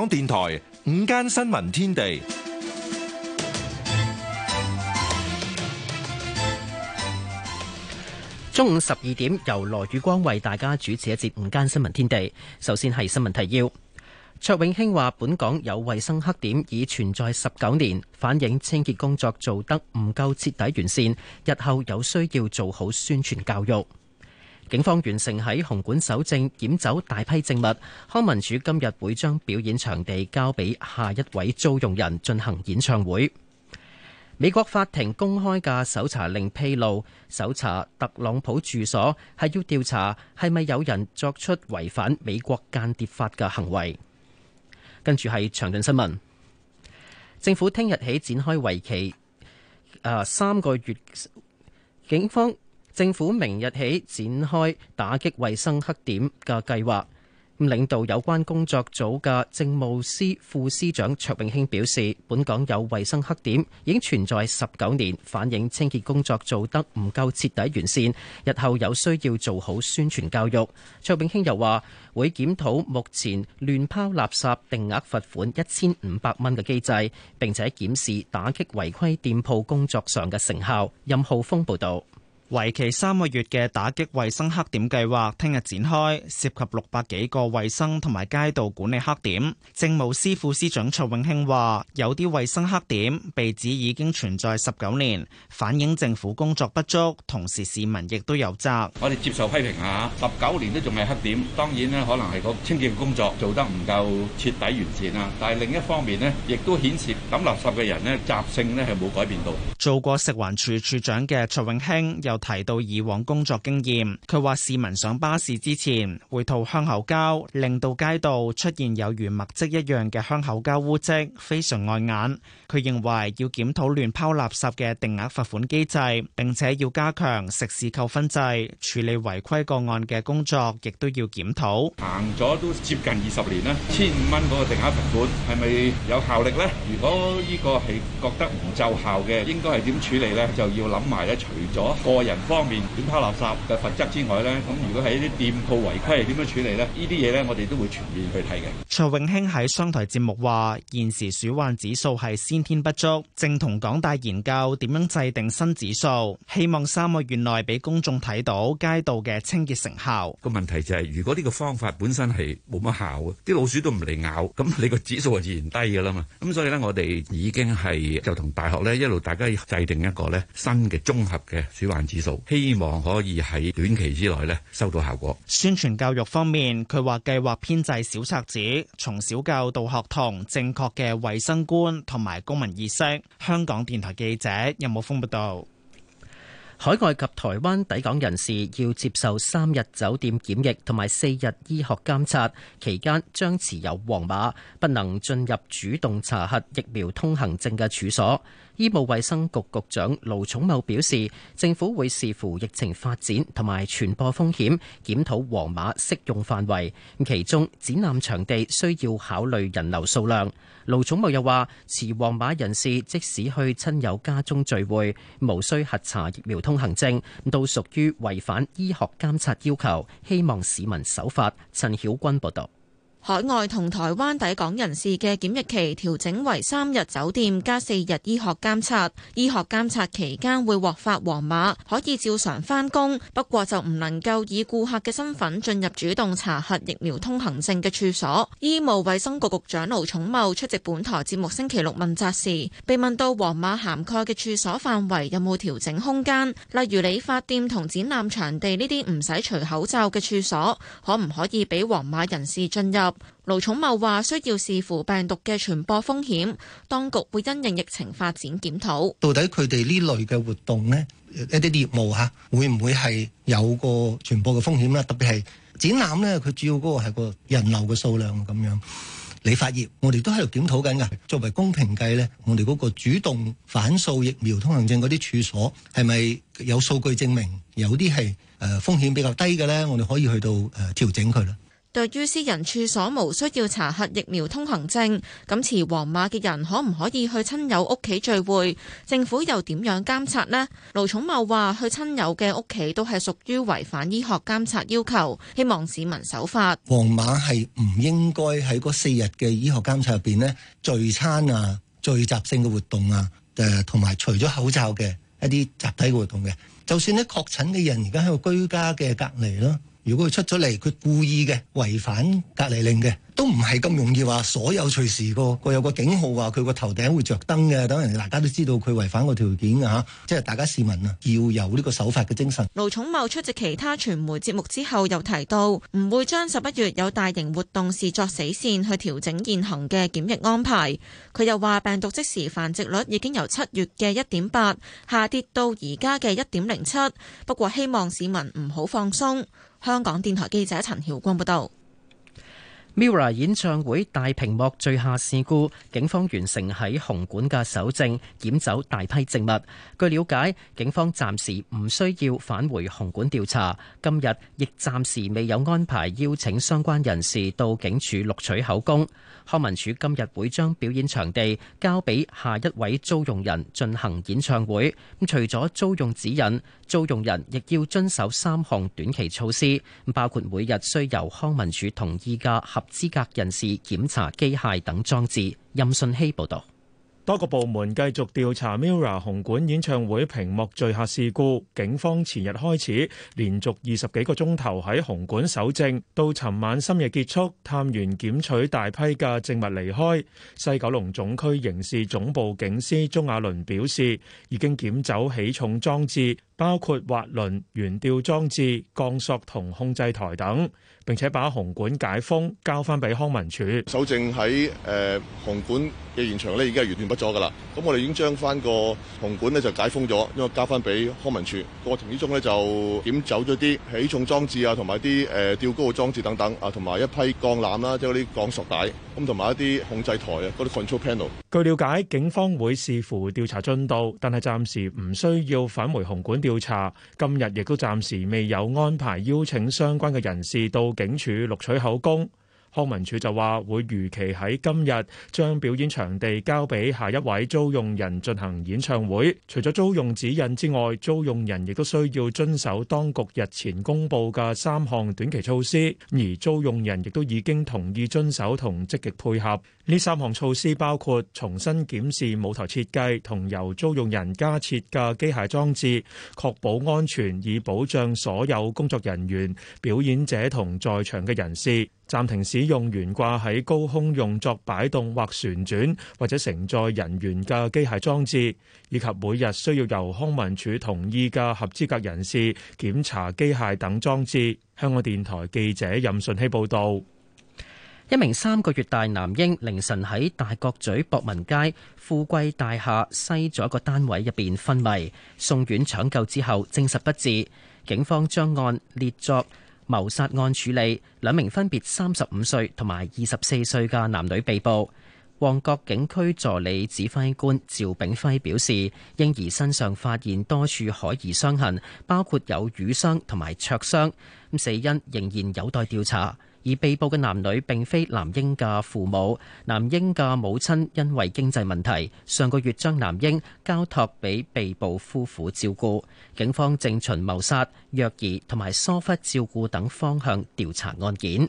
香港電台午間新聞天地，中午十二點，由羅宇光為大家主持一節午間新聞天地。首先係新聞提要，卓永興話：本港有衛生黑點已存在十九年，反映清潔工作做得唔夠徹底完善，日後有需要做好宣傳教育。警方完成喺紅館搜證，檢走大批證物。康文署今日會將表演場地交俾下一位租用人進行演唱會。美國法庭公開嘅搜查令披露，搜查特朗普住所係要調查係咪有人作出違反美國間諜法嘅行為。跟住係詳盡新聞。政府聽日起展開為期啊三個月警方。政府明日起展開打擊衛生黑點嘅計劃。領導有關工作組嘅政務司副司長卓永興表示，本港有衛生黑點已經存在十九年，反映清潔工作做得唔夠徹底、完善。日後有需要做好宣傳教育。卓永興又話會檢討目前亂拋垃圾定額罰款一千五百蚊嘅機制，並且檢視打擊違規店鋪工作上嘅成效。任浩峰報道。為期三個月嘅打擊衛生黑點計劃聽日展開，涉及六百幾個衛生同埋街道管理黑點。政務司副司長卓永興話，有啲衛生黑點被指已經存在十九年，反映政府工作不足，同時市民亦都有責。我哋接受批評啊，十九年都仲未黑點，當然可能係個清潔工作做得唔夠徹底完善啊。但係另一方面呢亦都顯示抌垃圾嘅人呢，習性呢係冇改變到。做過食環處處長嘅卓永興又提到以往工作經驗，佢話市民上巴士之前會吐香口膠，令到街道出現有如墨迹一樣嘅香口膠污漬非常礙眼。佢認為要檢討亂拋垃圾嘅定額罰款機制，並且要加強食肆扣分制，處理違規個案嘅工作亦都要檢討。行咗都接近二十年啦，千五蚊嗰個定額罰款係咪有效力咧？如果呢個係覺得唔奏效嘅，應該，係點處理咧？就要諗埋啦，除咗個人。人方面亂拋垃圾嘅罰則之外呢，咁如果喺啲店鋪違規係點樣處理呢？呢啲嘢呢，我哋都會全面去睇嘅。卓永興喺商台節目話：現時鼠患指數係先天不足，正同港大研究點樣制定新指數，希望三個月內俾公眾睇到街道嘅清潔成效。個問題就係、是，如果呢個方法本身係冇乜效，啲老鼠都唔嚟咬，咁你個指數就自然低㗎啦嘛。咁所以呢，我哋已經係就同大學呢一路大家要制定一個呢新嘅綜合嘅鼠患指數。希望可以喺短期之內呢收到效果。宣傳教育方面，佢話計劃編製小冊子，從小教到學童正確嘅衛生觀同埋公民意識。香港電台記者任武峰報道。海外及台灣抵港人士要接受三日酒店檢疫同埋四日醫學監察，期間將持有黃碼，不能進入主動查核疫苗通行證嘅處所。醫務衛生局局長盧寵茂表示，政府會視乎疫情發展同埋傳播風險，檢討黃碼適用範圍。其中，展覽場地需要考慮人流數量。盧寵茂又話，持黃碼人士即使去親友家中聚會，無需核查疫苗通行證，都屬於違反醫學監察要求。希望市民守法。陳曉君報道。海外同台灣抵港人士嘅檢疫期調整為三日酒店加四日醫學監察，醫學監察期間會獲發黃碼，可以照常返工，不過就唔能夠以顧客嘅身份進入主動查核疫苗通行證嘅處所。醫務衛生局局長盧寵茂出席本台節目星期六問責時，被問到黃碼涵蓋嘅處所範圍有冇調整空間，例如理髮店同展覽場地呢啲唔使除口罩嘅處所，可唔可以俾黃碼人士進入？盧寵茂話：需要視乎病毒嘅傳播風險，當局會因應疫情發展檢討。到底佢哋呢類嘅活動呢？一啲業務吓、啊，會唔會係有個傳播嘅風險咧？特別係展覽呢，佢主要嗰個係個人流嘅數量咁樣。理髮業，我哋都喺度檢討緊噶。作為公平計呢，我哋嗰個主動反掃疫苗通行證嗰啲處所，係咪有數據證明有啲係誒風險比較低嘅呢？我哋可以去到誒調整佢啦。對於私人處所無需要查核疫苗通行證，咁持黃碼嘅人可唔可以去親友屋企聚會？政府又點樣監察呢？盧寵茂話：去親友嘅屋企都係屬於違反醫學監察要求，希望市民守法。黃碼係唔應該喺嗰四日嘅醫學監察入邊咧，聚餐啊、聚集性嘅活動啊，誒同埋除咗口罩嘅一啲集體的活動嘅，就算啲確診嘅人而家喺度居家嘅隔離咯。如果佢出咗嚟，佢故意嘅違反隔離令嘅，都唔係咁容易說。話所有隨時個有個警號話佢嘅，話佢個頭頂會着燈嘅，等人大家都知道佢違反個條件吓、啊。即係大家市民啊，要有呢個守法嘅精神。盧寵茂出席其他傳媒節目之後，又提到唔會將十一月有大型活動視作死線去調整現行嘅檢疫安排。佢又話病毒即時繁殖率已經由七月嘅一點八下跌到而家嘅一點零七，不過希望市民唔好放鬆。香港電台記者陳曉光報道。MIRROR 演唱會大屏幕墜下事故，警方完成喺紅館嘅搜證，檢走大批證物。據瞭解，警方暫時唔需要返回紅館調查，今日亦暫時未有安排邀請相關人士到警署錄取口供。康文署今日會將表演場地交俾下一位租用人進行演唱會。咁除咗租用指引，租用人亦要遵守三項短期措施，咁包括每日需由康文署同意嘅合資格人士檢查機械等裝置。任信希報道，多個部門繼續調查 Mira 紅館演唱會屏幕墜下事故。警方前日開始連續二十幾個鐘頭喺紅館搜證，到尋晚深夜結束，探員檢取大批嘅證物離開。西九龍總區刑事總部警司鐘亞倫表示，已經檢走起重裝置。包括滑輪、懸吊裝置、鋼索同控制台等，並且把紅館解封交翻俾康文署。搜證喺誒紅館嘅現場咧，已經係完全不咗噶啦。咁我哋已經將翻個紅館咧就解封咗，因為交翻俾康文署過程之中咧就檢走咗啲起重裝置啊，同埋啲吊高嘅裝置等等啊，同埋一批鋼纜啦，即係啲鋼索帶。咁同埋一啲控制台啊，嗰啲 control panel。據了解，警方會視乎調查進度，但係暫時唔需要返回紅館調查。今日亦都暫時未有安排邀請相關嘅人士到警署錄取口供。康文署就話會如期喺今日將表演場地交俾下一位租用人進行演唱會。除咗租用指引之外，租用人亦都需要遵守當局日前公布嘅三項短期措施，而租用人亦都已經同意遵守同積極配合。呢三項措施包括重新檢視舞台設計同由租用人加設嘅機械裝置，確保安全，以保障所有工作人員、表演者同在場嘅人士。暫停時使用懸掛喺高空用作擺動或旋轉或者承載人員嘅機械裝置，以及每日需要由康文署同意嘅合資格人士檢查機械等裝置。香港電台記者任順熙報道：一名三個月大男嬰凌晨喺大角咀博文街富貴大廈西咗個單位入邊昏迷，送院搶救之後證實不治。警方將案列作。謀殺案處理，兩名分別三十五歲同埋二十四歲嘅男女被捕。旺角警區助理指揮官趙炳輝表示，嬰兒身上發現多處可疑傷痕，包括有瘀傷同埋灼傷。咁死因仍然有待調查。而被捕嘅男女並非男嬰嘅父母，男嬰嘅母親因為經濟問題，上個月將男嬰交托俾被捕夫婦照顧。警方正循謀殺、虐兒同埋疏忽照顧等方向調查案件。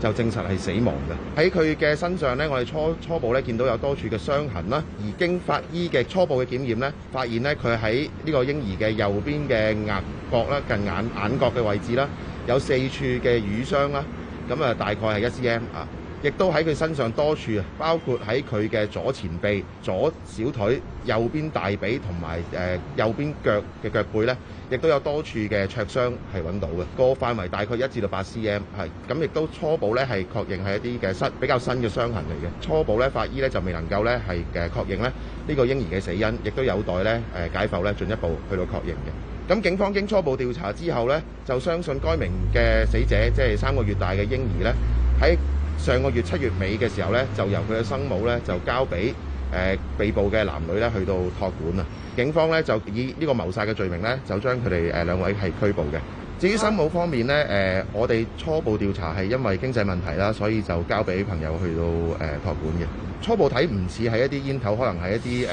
就證實係死亡嘅。喺佢嘅身上咧，我哋初初步咧見到有多處嘅傷痕啦。而經法醫嘅初步嘅檢驗咧，發現咧佢喺呢個嬰兒嘅右邊嘅額角啦，近眼眼角嘅位置啦，有四處嘅瘀傷啦。咁啊，大概係一 cm 啊。亦都喺佢身上多處，包括喺佢嘅左前臂、左小腿、右邊大髀同埋誒右邊腳嘅腳背咧，亦都有多處嘅灼傷係揾到嘅。個範圍大概一至到八 cm，係咁亦都初步咧係確認係一啲嘅新、比較新嘅傷痕嚟嘅。初步咧法醫咧就未能夠咧係誒確認咧呢個嬰兒嘅死因，亦都有待咧誒解剖咧進一步去到確認嘅。咁警方經初步調查之後咧，就相信該名嘅死者即係三個月大嘅嬰兒咧喺，上個月七月尾嘅時候咧，就由佢嘅生母咧就交俾誒被捕嘅男女咧去到託管啊！警方咧就以呢個謀殺嘅罪名咧就將佢哋誒兩位係拘捕嘅。至於生母方面咧誒，我哋初步調查係因為經濟問題啦，所以就交俾朋友去到誒託管嘅。初步睇唔似係一啲煙頭，可能係一啲誒誒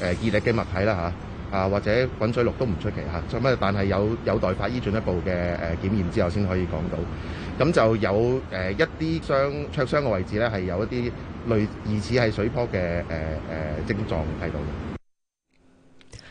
熱力嘅物體啦嚇啊，或者滾水淥都唔出奇嚇。咁但係有有待法醫進一步嘅誒檢驗之後先可以講到。咁就有誒一啲傷灼傷嘅位置咧，係有一啲類疑似係水泡嘅誒誒症狀睇到嘅。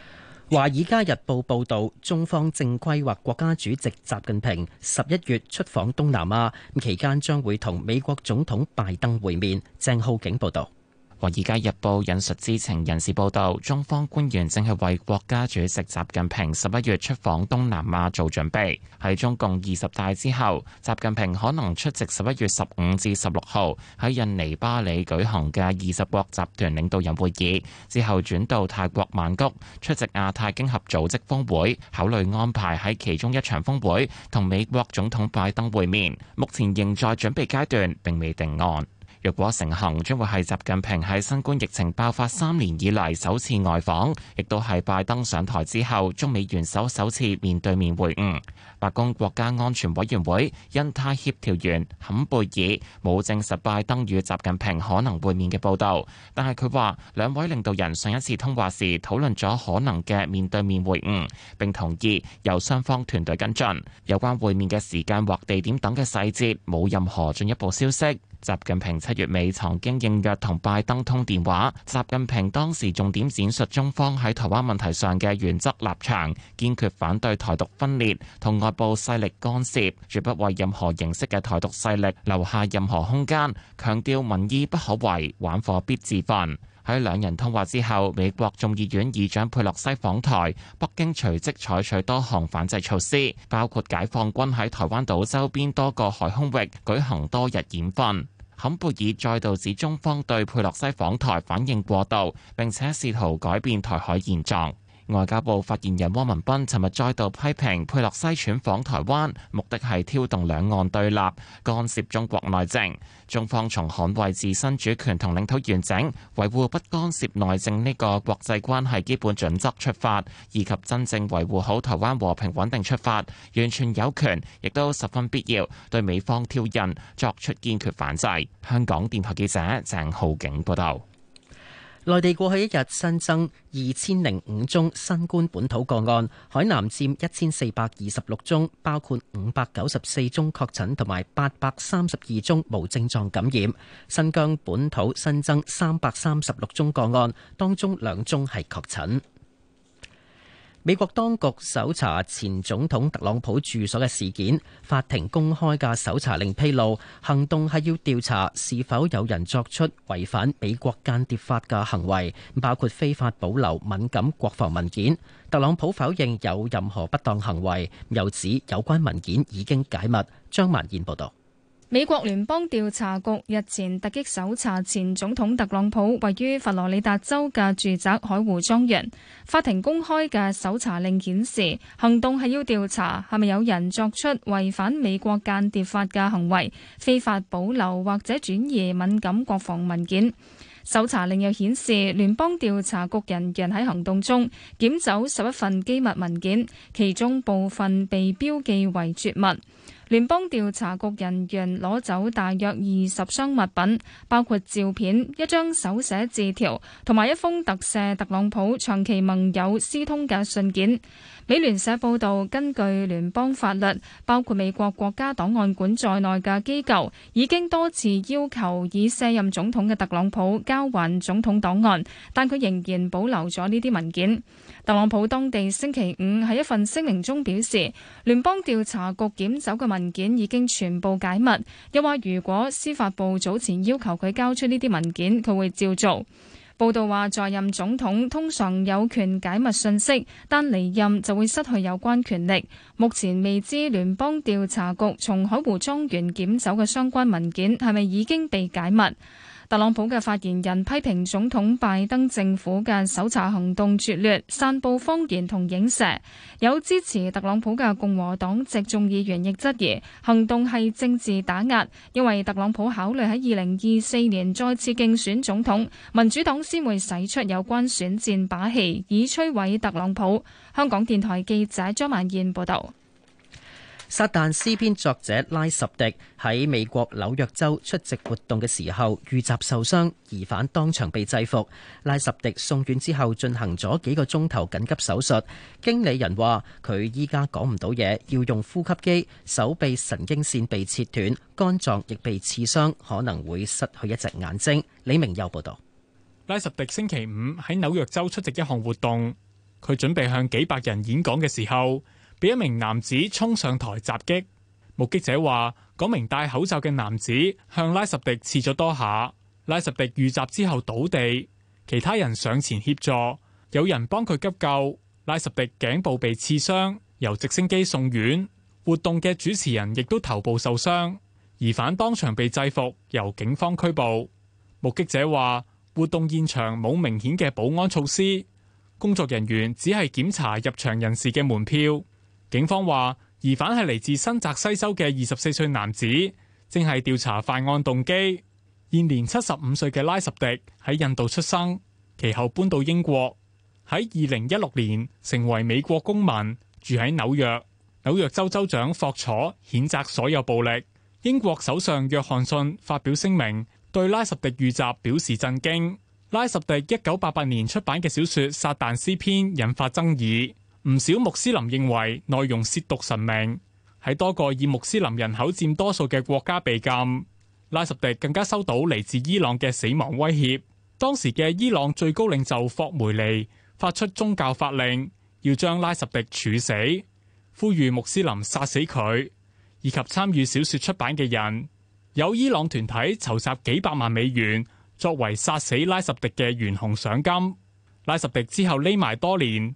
華爾街日報報道，中方正規劃國家主席習近平十一月出訪東南亞，期間將會同美國總統拜登會面。鄭浩景報道。《華爾街日報》引述知情人士報道，中方官員正係為國家主席習近平十一月出訪東南亞做準備。喺中共二十大之後，習近平可能出席十一月十五至十六號喺印尼巴里舉行嘅二十國集團領導人會議，之後轉到泰國曼谷出席亞太經合組織峰會，考慮安排喺其中一場峰會同美國總統拜登會面。目前仍在準備階段，並未定案。若果成行，將會係習近平喺新冠疫情爆發三年以嚟首次外訪，亦都係拜登上台之後，中美元首首次面對面會晤。白宮國家安全委員會印太協調員坎貝爾冇證實拜登與習近平可能會面嘅報導，但係佢話兩位領導人上一次通話時討論咗可能嘅面對面會晤，並同意由雙方團隊跟進有關會面嘅時間或地點等嘅細節，冇任何進一步消息。習近平七月尾曾經應約同拜登通電話，習近平當時重點闡述中方喺台灣問題上嘅原則立場，堅決反對台獨分裂同。發布勢力干涉，絕不為任何形式嘅台獨勢力留下任何空間。強調民意不可違，玩火必自焚。喺兩人通話之後，美國眾議院議長佩洛西訪台，北京隨即採取多項反制措施，包括解放軍喺台灣島周邊多個海空域舉行多日演訓。坎貝爾再度指中方對佩洛西訪台反應過度，並且試圖改變台海現狀。外交部發言人汪文斌尋日再度批評佩洛西竄訪台灣，目的係挑動兩岸對立、干涉中國內政。中方從捍衛自身主權同領土完整、維護不干涉內政呢個國際關係基本準則出發，以及真正維護好台灣和平穩定出發，完全有權，亦都十分必要，對美方挑釁作出堅決反制。香港電台記者鄭浩景報道。內地過去一日新增二千零五宗新冠本土個案，海南佔一千四百二十六宗，包括五百九十四宗確診，同埋八百三十二宗無症狀感染。新疆本土新增三百三十六宗個案，當中兩宗係確診。美國當局搜查前總統特朗普住所嘅事件，法庭公開嘅搜查令披露，行動係要調查是否有人作出違反美國間諜法嘅行為，包括非法保留敏感國防文件。特朗普否認有任何不當行為，又指有關文件已經解密。張萬燕報道。美國聯邦調查局日前突擊搜查前總統特朗普位於佛羅里達州嘅住宅海湖莊園。法庭公開嘅搜查令顯示，行動係要調查係咪有人作出違反美國間諜法嘅行為，非法保留或者轉移敏感國防文件。搜查令又顯示，聯邦調查局人員喺行動中檢走十一份機密文件，其中部分被標記為絕密。聯邦調查局人員攞走大約二十箱物品，包括照片、一張手寫字條同埋一封特赦特朗普長期盟友斯通嘅信件。美聯社報道，根據聯邦法律，包括美國國家檔案館在內嘅機構已經多次要求已卸任總統嘅特朗普交還總統檔案，但佢仍然保留咗呢啲文件。特朗普當地星期五喺一份聲明中表示，聯邦調查局檢走嘅文件已經全部解密，又話如果司法部早前要求佢交出呢啲文件，佢會照做。報道話，在任總統通常有權解密信息，但離任就會失去有關權力。目前未知聯邦調查局從海湖莊園檢走嘅相關文件係咪已經被解密。特朗普嘅發言人批評總統拜登政府嘅搜查行動拙劣、散布謊言同影射。有支持特朗普嘅共和黨籍眾議員亦質疑行動係政治打壓，因為特朗普考慮喺二零二四年再次競選總統，民主黨先會使出有關選戰把戲，以摧毀特朗普。香港電台記者張曼燕報道。撒旦詩篇作者拉什迪喺美國紐約州出席活動嘅時候遇襲受傷，疑犯當場被制服。拉什迪送院之後進行咗幾個鐘頭緊急手術。經理人話佢依家講唔到嘢，要用呼吸機，手臂神經線被切斷，肝臟亦被刺傷，可能會失去一隻眼睛。李明又報導。拉什迪星期五喺紐約州出席一項活動，佢準備向幾百人演講嘅時候，被一名男子衝上台襲擊，目擊者話，嗰名戴口罩嘅男子向拉什迪刺咗多下，拉什迪遇襲之後倒地，其他人上前協助，有人幫佢急救。拉什迪頸部被刺傷，由直升機送院。活動嘅主持人亦都頭部受傷，疑犯當場被制服，由警方拘捕。目擊者話，活動現場冇明顯嘅保安措施，工作人員只係檢查入場人士嘅門票。警方話疑犯係嚟自新澤西州嘅二十四歲男子，正係調查犯案動機。現年七十五歲嘅拉什迪喺印度出生，其後搬到英國，喺二零一六年成為美國公民，住喺紐約。紐約。紐約州,州州長霍楚譴責所有暴力。英國首相約翰遜發表聲明，對拉什迪遇襲表示震驚。拉什迪一九八八年出版嘅小說《撒旦詩篇》引發爭議。唔少穆斯林認為內容褻瀆神明，喺多個以穆斯林人口佔多數嘅國家被禁。拉什迪更加收到嚟自伊朗嘅死亡威脅。當時嘅伊朗最高領袖霍梅尼發出宗教法令，要將拉什迪處死，呼籲穆斯林殺死佢，以及參與小說出版嘅人。有伊朗團體籌集幾百萬美元作為殺死拉什迪嘅懸紅賞金。拉什迪之後匿埋多年。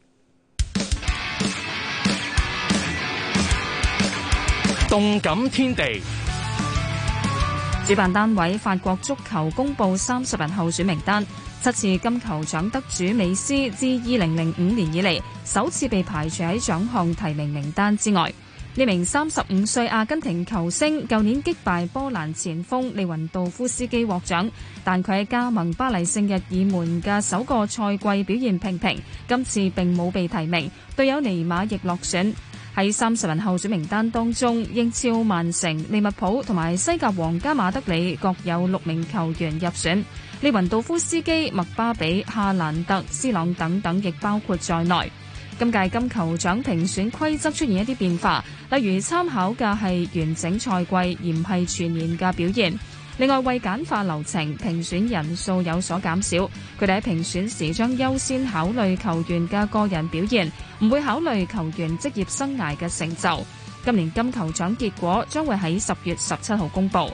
動感天地，主辦單位法國足球公布三十人候選名單，七次金球獎得主美斯自二零零五年以嚟首次被排除喺獎項提名名單之外。呢名三十五歲阿根廷球星，舊年擊敗波蘭前鋒利雲道夫斯基獲獎，但佢喺加盟巴黎聖日耳門嘅首個賽季表現平平，今次並冇被提名，隊友尼瑪亦落選。喺三十人候選名單當中，英超曼城、利物浦同埋西甲皇家馬德里各有六名球員入選，利文道夫斯基、麥巴比、哈蘭德、斯朗等等亦包括在內。今屆金球獎評選規則出現一啲變化，例如參考嘅係完整賽季，而唔係全年嘅表現。另外，為簡化流程，評選人數有所減少。佢哋喺評選時將優先考慮球員嘅個人表現，唔會考慮球員職業生涯嘅成就。今年金球獎結果將會喺十月十七號公布。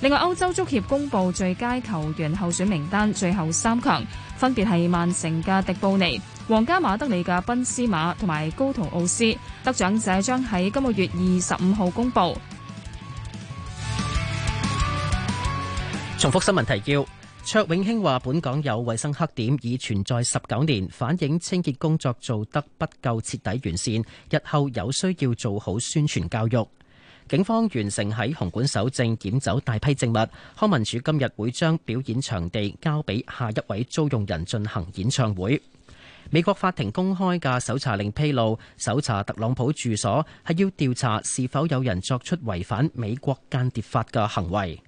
另外，歐洲足協公布最佳球員候選名單，最後三強分別係曼城嘅迪布尼、皇家馬德里嘅賓斯馬同埋高圖奧斯。得獎者將喺今個月二十五號公布。重複新聞提要：卓永興話，本港有衛生黑點已存在十九年，反映清潔工作做得不夠徹底、完善，日後有需要做好宣傳教育。警方完成喺紅館搜證，撿走大批證物。康文署今日會將表演場地交俾下一位租用人進行演唱會。美國法庭公開嘅搜查令披露，搜查特朗普住所係要調查是否有人作出違反美國間諜法嘅行為。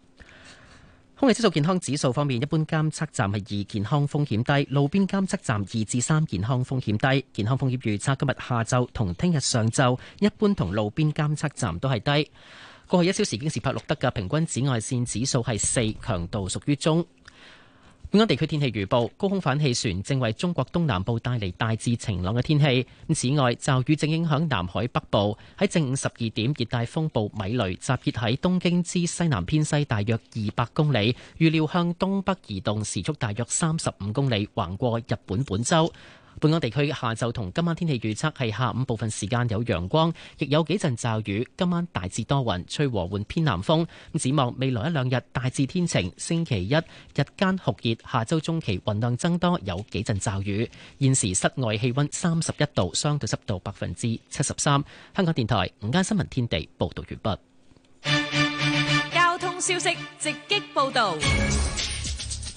空氣質素健康指數方面，一般監測站係二，健康風險低，路邊監測站二至三，健康風險低。健康風險預測今日下晝同聽日上晝，一般同路邊監測站都係低。過去一小時京士柏錄得嘅平均紫外線指數係四，強度屬於中。本港地區天氣預報，高空反氣旋正為中國東南部帶嚟大致晴朗嘅天氣。此外，驟雨正影響南海北部。喺正午十二點，熱帶風暴米雷集結喺東京之西南偏西大約二百公里，預料向東北移動，時速大約三十五公里，橫過日本本州。本港地區下晝同今晚天氣預測係下午部分時間有陽光，亦有幾陣驟雨。今晚大致多雲，吹和緩偏南風。咁展望未來一兩日大致天晴，星期一日間酷熱。下周中期雲量增多，有幾陣驟雨。現時室外氣溫三十一度，相對濕度百分之七十三。香港電台午間新聞天地報道完畢。交通消息直擊報道。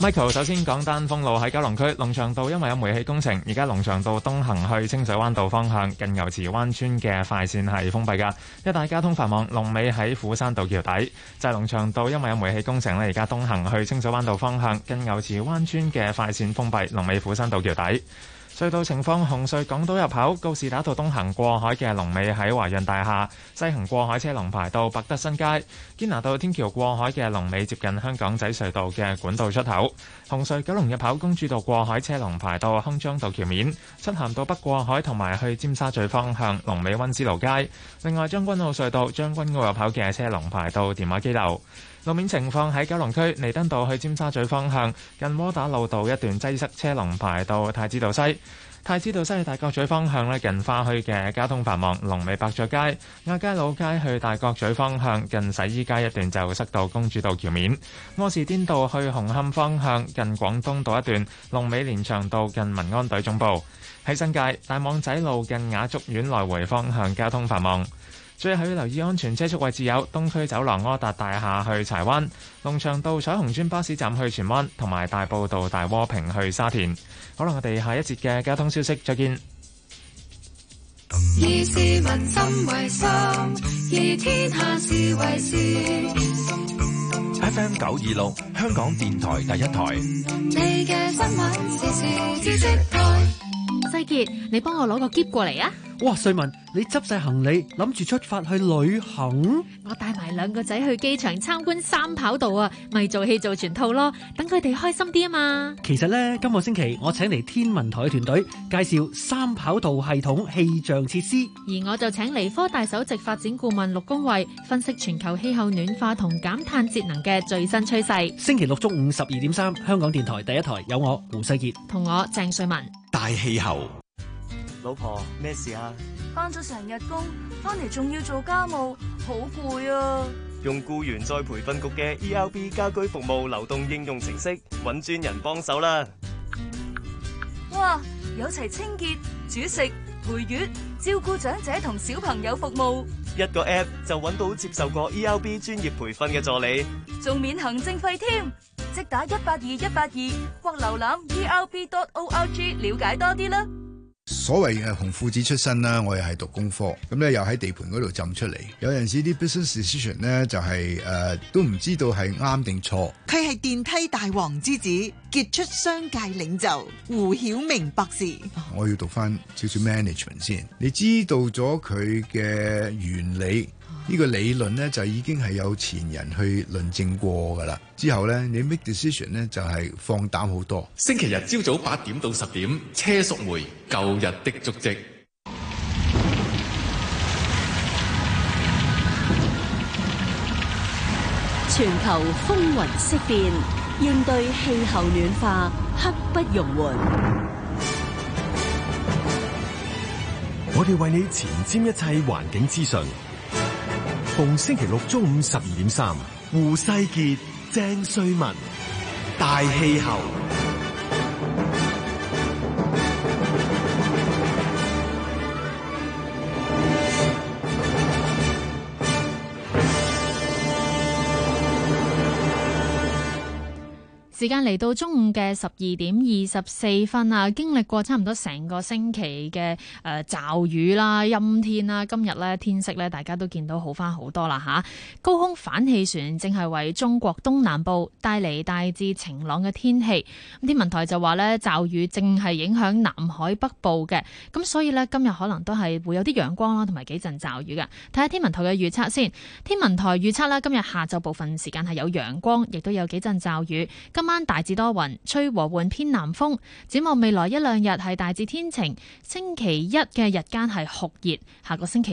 Michael 首先講丹鳳路喺九龍區龍翔道，因為有煤氣工程，而家龍翔道東行去清水灣道方向，近牛池灣村嘅快綫係封閉㗎，一帶交通繁忙。龍尾喺虎山道橋底。就係龍翔道因為有煤氣工程咧，而家東行去清水灣道方向，近牛池灣村嘅快綫封閉，龍尾虎山道橋底。隧道情況：紅隧港島入口告士打道東行過海嘅龍尾喺華潤大廈，西行過海車龍排到百德新街。堅拿道天橋過海嘅龍尾接近香港仔隧道嘅管道出口，紅隧九龍入口公主道過海車龍排到康莊道橋面，漆咸道北過海同埋去尖沙咀方向龍尾溫思勞街。另外將軍澳隧道將軍澳入口嘅車龍排到電話機樓。路面情況喺九龍區彌敦道去尖沙咀方向，近窩打老道一段擠塞，車龍排到太子道西。太子道西大角咀方向近花墟嘅交通繁忙；龍尾百爵街、亞皆老街去大角咀方向，近洗衣街一段就會塞到公主道橋面；柯士甸道去紅磡方向，近廣東道一段龍尾連翔道近民安隊總部；喺新界大網仔路近雅竹苑來回方向交通繁忙。最後要留意安全車速位置有東區走廊柯達大廈去柴灣，農場道彩虹邨巴士站去荃灣，同埋大埔道大窩坪去沙田。好啦，我哋下一節嘅交通消息再見。以市民心為心，以天下事為事。FM 九二六， FM926, 香港電台第一台。 你嘅新聞時事知識台。西傑，你幫我攞個篋過嚟啊！哇，瑞文，你執晒行李，諗住出發去旅行？我帶埋兩個仔去機場參觀三跑道啊，咪做戲做全套咯，等佢哋開心啲啊嘛！其實呢，今個星期我請嚟，天文台嘅團隊介紹三跑道系統氣象設施，而我就請嚟科大首席發展顧問陸恭蕙分析全球氣候暖化同減碳節能嘅最新趨勢。星期六中午十二點三，香港電台第一台有我胡世傑同我鄭瑞文。大氣候，老婆咩事啊？返咗成日工，返嚟仲要做家務，好攰啊！用僱員再培訓局嘅 ERB 家居服務流動應用程式，搵專人幫手啦！哇，有齊清潔、煮食、陪月、照顧長者同小朋友服務，一個 App 就搵到接受過 ERB 專業培訓嘅助理，仲免行政費添。即打一八二一八二或瀏覽 e l b dot o l g 了解多啲啦。所謂誒紅褲子出身啦，我又係讀工科，咁咧又喺地盤嗰度浸出嚟。有陣時啲 business decision 咧就係、是、誒、呃、都唔知道係啱定錯。佢係電梯大王之子，傑出商界領袖胡曉明博士。我要讀翻少少 management 先，你知道咗佢嘅原理。呢個理論呢，就已經係有前人去論證過噶啦。之後呢，你 make decision 呢，就係放膽好多。星期日朝早八點到十點，車淑梅，舊日的足跡。全球風雲色變，應對氣候暖化，刻不容緩。我哋為你前瞻一切環境資訊。逢星期六中午十二點三，胡世杰、鄭瑞文，大氣候。時間嚟到中午嘅十二點二十四分啊！經歷過差唔多成個星期嘅誒驟雨啦、陰天啦，今日咧天色咧大家都見到好翻好多啦吓、啊。高空反氣旋正係為中國東南部帶嚟大致晴朗嘅天氣。天文台就話咧驟雨正係影響南海北部嘅，咁所以呢，今日可能都係會有啲陽光啦，同埋幾陣驟雨嘅。睇下天文台嘅預測先，天文台預測啦今日下晝部分時間係有陽光，亦都有幾陣驟雨，今大致多雲，吹和緩偏南風。展望未來一兩日係大致天晴，星期一嘅日間係酷熱，下個星期。